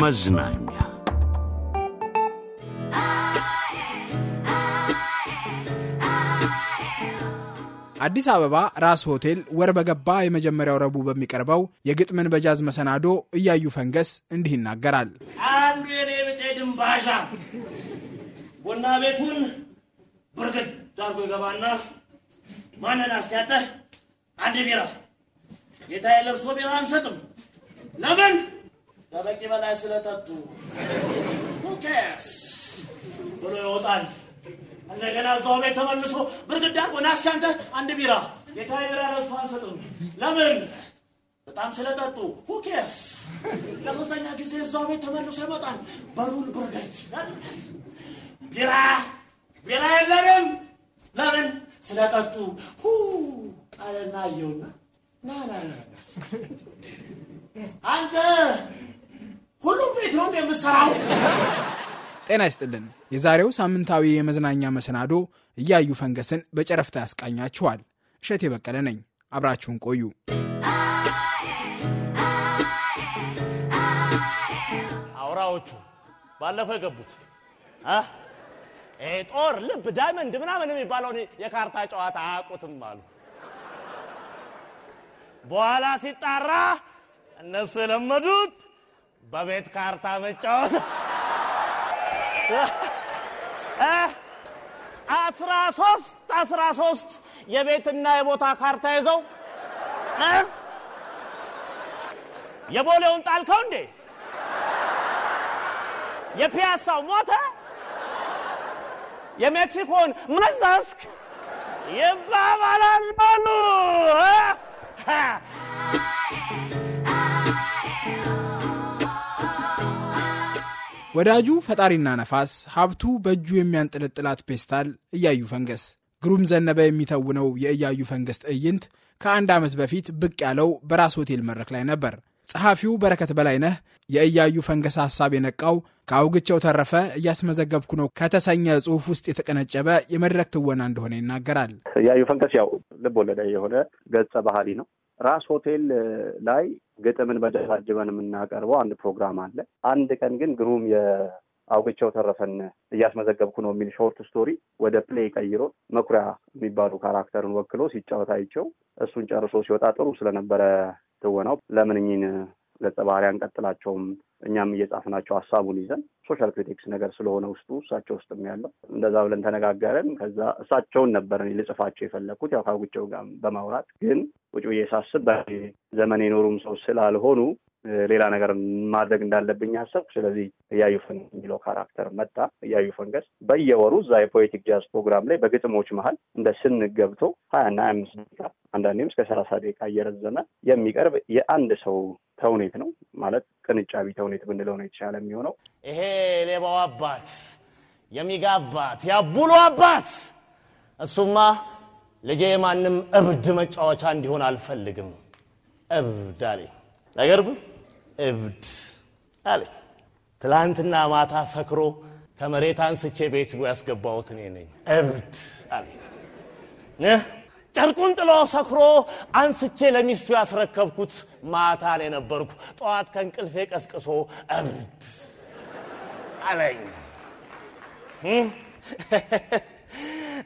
መዝናኛ አዲስ አበባ ራስ ሆቴል ወር በገባ የመጀመሪያው ረቡ በሚቀርበው የግጥምን በጃዝ መሰናዶ እያዩ ፈንገስ እንዲህ ይናገራል። አንዱ የኔ ብጤ ድንባሻ ቡና ቤቱን ብርግድ ዳርጎ ይገባና ማንን አስተያጠህ አንድ ቢራ ጌታ የለብሶ ቢራ አንሰጥም ለምን ከበቂ በላይ ስለጠጡ ሁኬርስ ብሎ ይወጣል። እንደገና እዛው ቤት ተመልሶ ብርግዳ ጎና ከአንተ አንድ ቢራ ጌታ ቢራ ለሱ አንሰጥም። ለምን? በጣም ስለጠጡ ሁኬርስ። ለሶስተኛ ጊዜ እዛው ቤት ተመልሶ ይመጣል። በሩን ብርገጅ ቢራ ቢራ የለንም። ለምን? ስለጠጡ ሁ አለና አየውና ና ና ና አንተ ሁሉም ቤት ነው እንደምሰራው። ጤና ይስጥልን። የዛሬው ሳምንታዊ የመዝናኛ መሰናዶ እያዩ ፈንገስን በጨረፍታ ያስቃኛችኋል። እሸት የበቀለ ነኝ። አብራችሁን ቆዩ። አውራዎቹ ባለፈው የገቡት ጦር፣ ልብ፣ ዳይመንድ ምናምን የሚባለውን የካርታ ጨዋታ አያውቁትም አሉ። በኋላ ሲጣራ እነሱ የለመዱት በቤት ካርታ መጫወት አስራ ሶስት አስራ ሶስት የቤትና የቦታ ካርታ ይዘው የቦሌውን ጣልከው እንዴ? የፒያሳው ሞተ፣ የሜክሲኮን መዛስክ ይባባላሉ። ወዳጁ ፈጣሪና ነፋስ፣ ሀብቱ በእጁ የሚያንጠለጥላት ፔስታል፣ እያዩ ፈንገስ። ግሩም ዘነበ የሚተውነው የእያዩ ፈንገስ ትዕይንት ከአንድ ዓመት በፊት ብቅ ያለው በራስ ሆቴል መድረክ ላይ ነበር። ጸሐፊው በረከት በላይነህ የእያዩ ፈንገስ ሐሳብ የነቃው ከአውግቸው ተረፈ እያስመዘገብኩ ነው ከተሰኘ ጽሑፍ ውስጥ የተቀነጨበ የመድረክ ትወና እንደሆነ ይናገራል። እያዩ ፈንገስ ያው ልብ ወለደ የሆነ ገጸ ባህሪ ነው። ራስ ሆቴል ላይ ግጥምን በደራጀበን የምናቀርበው አንድ ፕሮግራም አለ። አንድ ቀን ግን ግሩም የአውግቸው ተረፈን እያስመዘገብኩ ነው የሚል ሾርት ስቶሪ ወደ ፕሌይ ቀይሮ መኩሪያ የሚባሉ ካራክተርን ወክሎ ሲጫወት አይቼው እሱን ጨርሶ ሲወጣ ጥሩ ስለነበረ ትወናው ለምን እኚህን ገጸ ባህሪ አንቀጥላቸውም እኛም እየጻፍናቸው ሀሳቡን ይዘን ሶሻል ክሪቲክስ ነገር ስለሆነ ውስጡ እሳቸው ውስጥም ያለው እንደዛ ብለን ተነጋገረን። ከዛ እሳቸውን ነበር ልጽፋቸው የፈለግኩት ያው ከጉጨው ጋር በማውራት ግን ውጭ ብዬ ሳስብ በዘመን የኖሩም ሰው ስላልሆኑ ሌላ ነገር ማድረግ እንዳለብኝ ሀሰብኩ። ስለዚህ እያዩ ፈንገስ የሚለው ካራክተር መጣ። እያዩ ፈንገስ በየወሩ እዛ የፖለቲክ ጃዝ ፕሮግራም ላይ በግጥሞች መሀል እንደ ስን ገብቶ ሀያና ሀያ አምስት ደቂቃ አንዳንዴም እስከ ሰላሳ ደቂቃ እየረዘመ የሚቀርብ የአንድ ሰው ተውኔት ነው ማለት ቅንጫቢ ተውኔት ብንለው ነው የተሻለ የሚሆነው። ይሄ ሌባው አባት የሚጋ አባት ያቡሎ አባት እሱማ ልጄ የማንም እብድ መጫወቻ እንዲሆን አልፈልግም። እብድ አለኝ ነገር ግን እብድ አለኝ። ትላንትና ማታ ሰክሮ ከመሬት አንስቼ ቤት ያስገባሁት እኔ ነኝ። እብድ አለኝ። ጨርቁን ጥሎ ሰክሮ አንስቼ ለሚስቱ ያስረከብኩት ማታ የነበርኩ ጠዋት ከእንቅልፌ ቀስቅሶ እብድ አለኝ።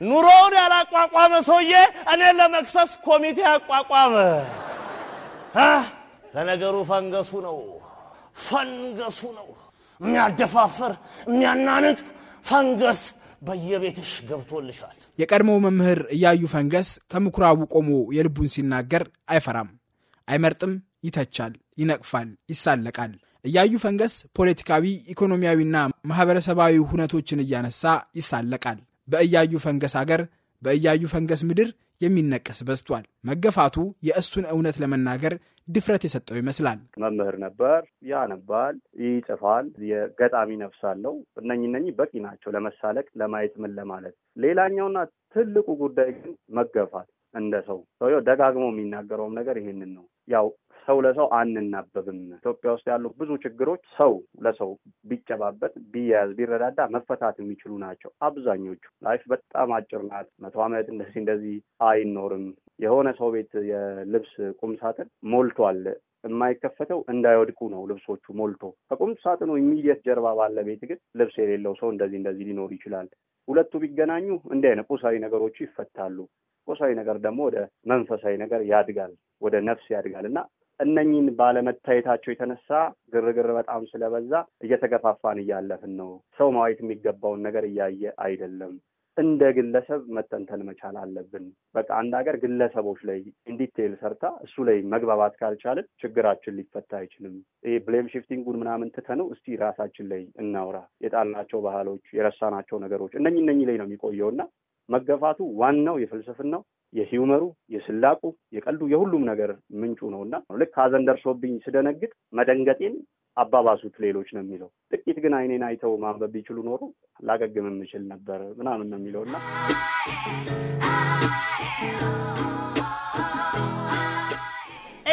ኑሮውን ያላቋቋመ ሰውዬ እኔን ለመክሰስ ኮሚቴ አቋቋመ። ለነገሩ ፈንገሱ ነው ፈንገሱ ነው የሚያደፋፍር የሚያናንቅ ፈንገስ በየቤትሽ ገብቶልሻል። የቀድሞው መምህር እያዩ ፈንገስ ከምኩራቡ ቆሞ የልቡን ሲናገር አይፈራም፣ አይመርጥም፣ ይተቻል፣ ይነቅፋል፣ ይሳለቃል። እያዩ ፈንገስ ፖለቲካዊ፣ ኢኮኖሚያዊና ማህበረሰባዊ ሁነቶችን እያነሳ ይሳለቃል። በእያዩ ፈንገስ አገር በእያዩ ፈንገስ ምድር የሚነቀስ በዝቷል። መገፋቱ የእሱን እውነት ለመናገር ድፍረት የሰጠው ይመስላል። መምህር ነበር፣ ያነባል፣ ይጽፋል፣ የገጣሚ ነፍስ አለው። እነኝ እነኝ በቂ ናቸው ለመሳለቅ፣ ለማየት፣ ምን ለማለት። ሌላኛውና ትልቁ ጉዳይ ግን መገፋት እንደ ሰው ሰውየው ደጋግሞ የሚናገረውም ነገር ይሄንን ነው። ያው ሰው ለሰው አንናበብም። ኢትዮጵያ ውስጥ ያሉ ብዙ ችግሮች ሰው ለሰው ቢጨባበት፣ ቢያያዝ፣ ቢረዳዳ መፈታት የሚችሉ ናቸው አብዛኞቹ። ላይፍ በጣም አጭር ናት። መቶ ዓመት እንደዚህ እንደዚህ አይኖርም። የሆነ ሰው ቤት የልብስ ቁም ሳጥን ሞልቷል የማይከፈተው እንዳይወድቁ ነው። ልብሶቹ ሞልቶ ከቁም ሳጥኑ የሚየት ጀርባ ባለ ቤት ግን ልብስ የሌለው ሰው እንደዚህ እንደዚህ ሊኖር ይችላል። ሁለቱ ቢገናኙ እንዲህ አይነት ቁሳዊ ነገሮቹ ይፈታሉ። ቁሳዊ ነገር ደግሞ ወደ መንፈሳዊ ነገር ያድጋል፣ ወደ ነፍስ ያድጋል እና እነኝን ባለመታየታቸው የተነሳ ግርግር በጣም ስለበዛ እየተገፋፋን እያለፍን ነው። ሰው ማየት የሚገባውን ነገር እያየ አይደለም። እንደ ግለሰብ መጠንተን መቻል አለብን። በቃ አንድ ሀገር ግለሰቦች ላይ እንዲቴል ሰርታ እሱ ላይ መግባባት ካልቻለን ችግራችን ሊፈታ አይችልም። ይሄ ብሌም ሽፍቲንጉን ምናምን ትተነው እስቲ ራሳችን ላይ እናውራ። የጣልናቸው ባህሎች፣ የረሳናቸው ነገሮች እነኝ እነኝ ላይ ነው የሚቆየውና መገፋቱ ዋናው የፍልስፍናው የሂውመሩ፣ የስላቁ፣ የቀልዱ የሁሉም ነገር ምንጩ ነው እና ልክ ሀዘን ደርሶብኝ ስደነግጥ መደንገጤን አባባሱት ሌሎች ነው የሚለው። ጥቂት ግን አይኔን አይተው ማንበብ ቢችሉ ኖሮ ላገግም የምችል ነበር ምናምን ነው የሚለው እና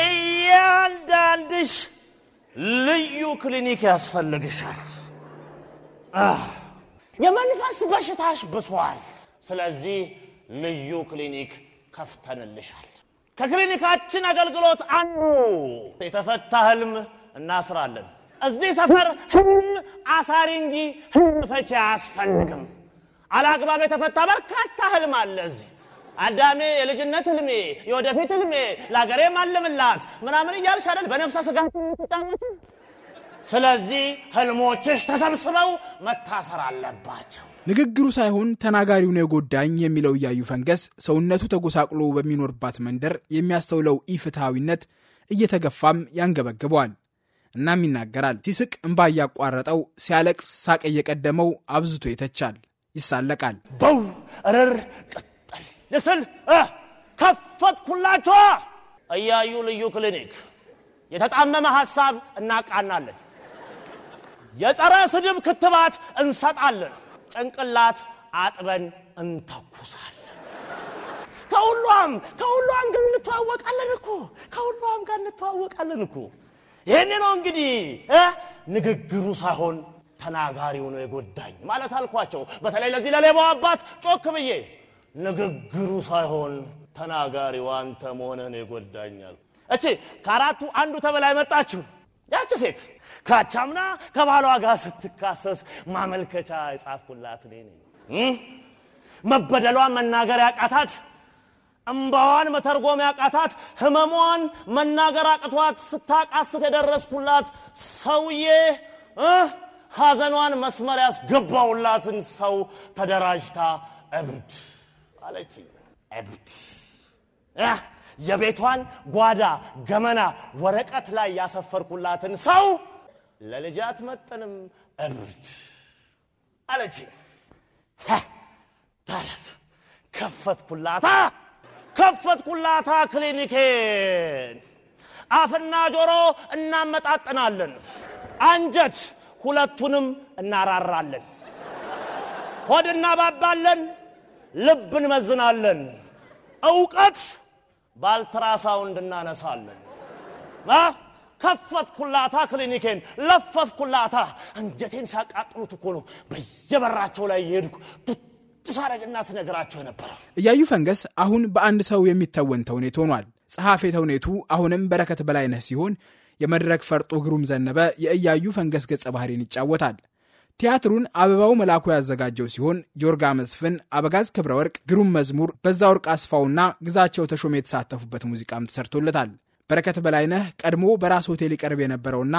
እያንዳንድሽ ልዩ ክሊኒክ ያስፈልግሻል። የመንፈስ በሽታሽ ብሷል። ስለዚህ ልዩ ክሊኒክ ከፍተንልሻል ከክሊኒካችን አገልግሎት አንዱ የተፈታ ህልም እናስራለን እዚህ ሰፈር ህልም አሳሪ እንጂ ህልም ፈቺ አያስፈልግም አላግባብ የተፈታ በርካታ ህልም አለ እዚህ አዳሜ የልጅነት ህልሜ የወደፊት ህልሜ ለአገሬ ማለምላት ምናምን እያልሽ አይደል በነፍሰ ስጋ ትጫወት ስለዚህ ህልሞችሽ ተሰብስበው መታሰር አለባቸው ንግግሩ ሳይሆን ተናጋሪው ነው የጎዳኝ የሚለው እያዩ ፈንገስ ሰውነቱ ተጎሳቅሎ በሚኖርባት መንደር የሚያስተውለው ኢፍትሐዊነት እየተገፋም ያንገበግበዋል። እናም ይናገራል። ሲስቅ እንባ እያቋረጠው፣ ሲያለቅስ ሳቅ እየቀደመው አብዝቶ ይተቻል፣ ይሳለቃል። በው ረር ቅጠል ልስል ከፈትኩላችኋ እያዩ ልዩ ክሊኒክ የተጣመመ ሐሳብ እናቃናለን፣ የጸረ ስድብ ክትባት እንሰጣለን ጭንቅላት አጥበን እንተኩሳለን። ከሁሏም ከሁሏም ጋር እንተዋወቃለን እኮ ከሁሏም ጋር እንተዋወቃለን እኮ። ይህን ነው እንግዲህ ንግግሩ ሳይሆን ተናጋሪው ነው የጎዳኝ ማለት አልኳቸው። በተለይ ለዚህ ለሌባው አባት ጮክ ብዬ ንግግሩ ሳይሆን ተናጋሪው አንተ መሆንህን የጎዳኛል። እቺ ከአራቱ አንዱ ተበላይ መጣችሁ ያቺ ሴት ካቻምና ከባሏ ጋር ስትካሰስ ማመልከቻ የጻፍኩላት እኔ ነኝ። መበደሏን መናገር ያቃታት፣ እምባዋን መተርጎም ያቃታት፣ ህመሟን መናገር አቅቷት ስታቃስት የደረስኩላት ሰውዬ ሐዘኗን መስመር ያስገባውላትን ሰው ተደራጅታ እብድ አለች። እብድ የቤቷን ጓዳ ገመና ወረቀት ላይ ያሰፈርኩላትን ሰው ለልጅ አትመጥንም እብድ አለች። ታዲያስ ከፈትኩላታ ከፈትኩላታ ክሊኒኬን አፍና ጆሮ እናመጣጥናለን፣ አንጀት ሁለቱንም እናራራለን፣ ሆድ እናባባለን፣ ልብ እንመዝናለን፣ እውቀት ባልትራሳውንድ እናነሳለን። ከፈትኩላታ ክሊኒኬን ለፈፍኩላታ። አንጀቴን ሲያቃጥሉት እኮ ነው በየበራቸው ላይ የሄድኩ ሳረግና ስነግራቸው ነበረ እያዩ ፈንገስ አሁን በአንድ ሰው የሚተወን ተውኔት ሆኗል። ጸሐፌ ተውኔቱ አሁንም በረከት በላይነህ ሲሆን የመድረክ ፈርጦ ግሩም ዘነበ የእያዩ ፈንገስ ገጸ ባህሪን ይጫወታል። ቲያትሩን አበባው መላኩ ያዘጋጀው ሲሆን ጆርጋ መስፍን፣ አበጋዝ ክብረ ወርቅ፣ ግሩም መዝሙር፣ በዛ ወርቅ አስፋውና ግዛቸው ተሾመ የተሳተፉበት ሙዚቃም ተሰርቶለታል። በረከት በላይነህ ቀድሞ በራስ ሆቴል ይቀርብ የነበረውና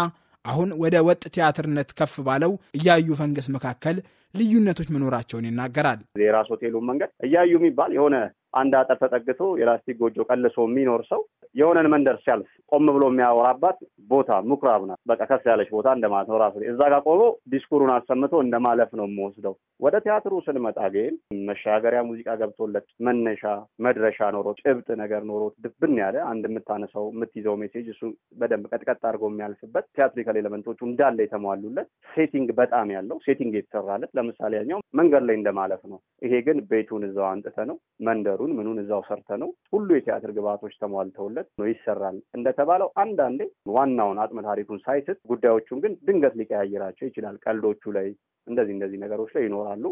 አሁን ወደ ወጥ ቲያትርነት ከፍ ባለው እያዩ ፈንገስ መካከል ልዩነቶች መኖራቸውን ይናገራል። የራስ ሆቴሉን መንገድ እያዩ የሚባል የሆነ አንድ አጠር ተጠግቶ የላስቲክ ጎጆ ቀልሶ የሚኖር ሰው የሆነን መንደር ሲያልፍ ቆም ብሎ የሚያወራባት ቦታ ምኩራብ ናት። በቃ ከስ ያለች ቦታ እንደማለት ነው። ራሱ እዛ ጋር ቆሞ ዲስኩሩን አሰምቶ እንደማለፍ ነው የምወስደው። ወደ ቲያትሩ ስንመጣ ግን መሻገሪያ ሙዚቃ ገብቶለት መነሻ መድረሻ ኖሮ ጭብጥ ነገር ኖሮ ድብን ያለ አንድ የምታነሳው የምትይዘው ሜሴጅ እሱ በደንብ ቀጥቀጥ አድርጎ የሚያልፍበት ቲያትሪካል ኤለመንቶቹ እንዳለ የተሟሉለት ሴቲንግ በጣም ያለው ሴቲንግ የተሰራለት ለምሳሌ ያኛው መንገድ ላይ እንደማለፍ ነው። ይሄ ግን ቤቱን እዛው አንጥተ ነው መንደሩን ምኑን እዛው ሰርተ ነው ሁሉ የቲያትር ግብዓቶች ተሟልተውለት ተደርጎለት ነው ይሰራል እንደተባለው አንዳንዴ ዋናውን አጥመ ታሪኩን ሳይስት ጉዳዮቹን ግን ድንገት ሊቀያየራቸው ይችላል። ቀልዶቹ ላይ እንደዚህ እንደዚህ ነገሮች ላይ ይኖራሉ።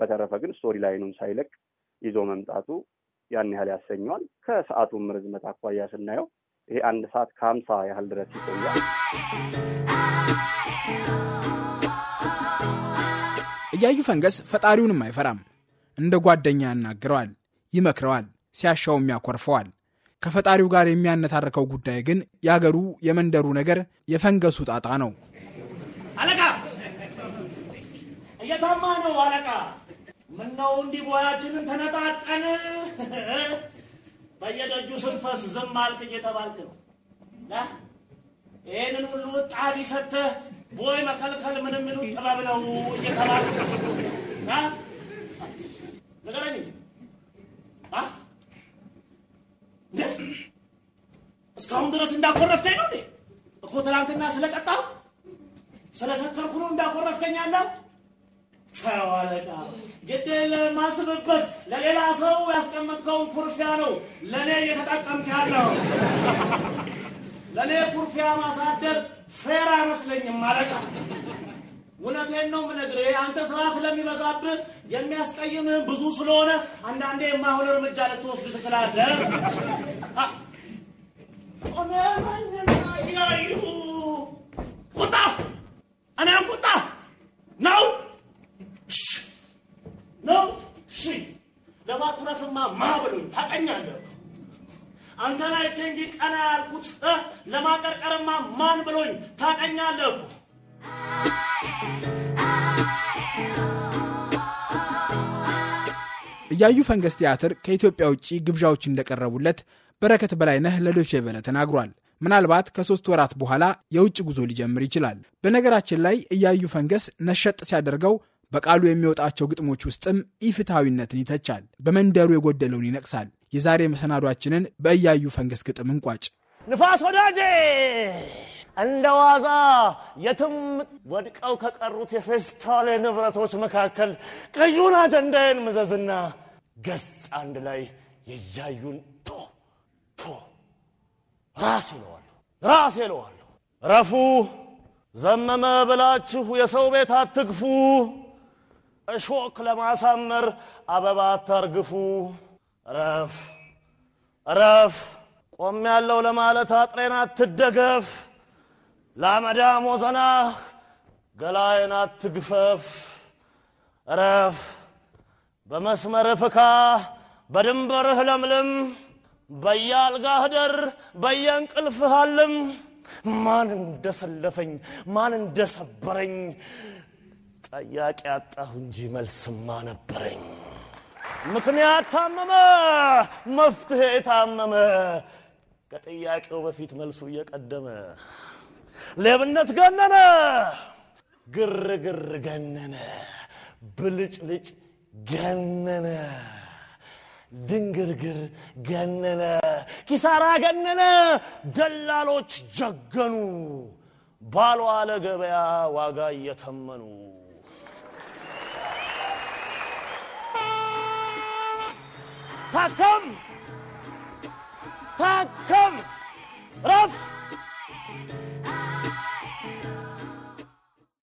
በተረፈ ግን ስቶሪ ላይኑን ሳይለቅ ይዞ መምጣቱ ያን ያህል ያሰኘዋል። ከሰዓቱም ርዝመት አኳያ ስናየው ይሄ አንድ ሰዓት ከሀምሳ ያህል ድረስ ይቆያል። እያዩ ፈንገስ ፈጣሪውንም አይፈራም። እንደ ጓደኛ ያናግረዋል፣ ይመክረዋል፣ ሲያሻውም ያኮርፈዋል። ከፈጣሪው ጋር የሚያነታርከው ጉዳይ ግን የአገሩ የመንደሩ ነገር የፈንገሱ ጣጣ ነው። አለቃ እየታማ ነው። አለቃ ምነው እንዲህ ቦያችንን ተነጣጥቀን በየደጁ ስንፈስ ዝም አልክ እየተባልክ ነው። ይህንን ሁሉ ጣሪ ሰተህ ቦይ መከልከል ምንም ምኑ ጥበብ ነው እየተባልክ እንዳኮረፍከኝ ነው እንዴ? እኮ ትናንትና ስለጠጣሁ ስለሰከርኩ ነው እንዳኮረፍከኝ አለው። ተው ግድ የለም ለሌላ ሰው ያስቀመጥከውን ኩርፊያ ነው ለእኔ እየተጠቀምክ ያለው። ለእኔ ኩርፊያ ማሳደር ፌር አይመስለኝም አለቃ። እውነቴን ነው የምነግርህ። አንተ ስራ ስለሚበዛብህ የሚያስቀይምህ ብዙ ስለሆነ አንዳንዴ የማይሆን እርምጃ ልትወስድ ትችላለህ። ቁጣ እኔ ቁጣ ነው ነው። እሺ ለማኩረፍማ ማ ብሎኝ ታቀኛለህ። አንተ ላይ እንጂ ቀና ያልኩት ለማቀርቀርማ ማን ብሎኝ ታቀኛለህ። እያዩ ፈንገስ ቲያትር ከኢትዮጵያ ውጭ ግብዣዎች እንደቀረቡለት በረከት በላይነህ ለዶቼ ቬለ ተናግሯል። ምናልባት ከሶስት ወራት በኋላ የውጭ ጉዞ ሊጀምር ይችላል። በነገራችን ላይ እያዩ ፈንገስ ነሸጥ ሲያደርገው በቃሉ የሚወጣቸው ግጥሞች ውስጥም ኢፍትሐዊነትን ይተቻል፣ በመንደሩ የጎደለውን ይነቅሳል። የዛሬ መሰናዷችንን በእያዩ ፈንገስ ግጥም እንቋጭ። ንፋስ ወዳጄ እንደ ዋዛ የትም ወድቀው ከቀሩት የፌስታል ንብረቶች መካከል ቀዩን አጀንዳዬን ምዘዝና ገጽ አንድ ላይ የያዩን ቶ ራስ ይለዋለሁ ራስ ይለዋለሁ። ረፉ ዘመመ ብላችሁ የሰው ቤት አትግፉ፣ እሾክ ለማሳመር አበባ አታርግፉ። ረፍ ረፍ ቆም ያለው ለማለት አጥሬን አትደገፍ፣ ለአመዳም ወዘናህ ገላዬን አትግፈፍ። ረፍ በመስመር ፍካ፣ በድንበርህ ለምልም በየአልጋህ ደር በየእንቅልፍህ አለም ማን እንደሰለፈኝ ማን እንደሰበረኝ ጠያቂ አጣሁ እንጂ መልስማ ነበረኝ ምክንያት ታመመ መፍትሄ የታመመ ከጥያቄው በፊት መልሱ እየቀደመ ሌብነት ገነነ ግርግር ገነነ ብልጭልጭ ገነነ ድንግርግር ገነነ፣ ኪሳራ ገነነ፣ ደላሎች ጀገኑ፣ ባሏ ለገበያ ዋጋ እየተመኑ ታከም ታከም ረፍ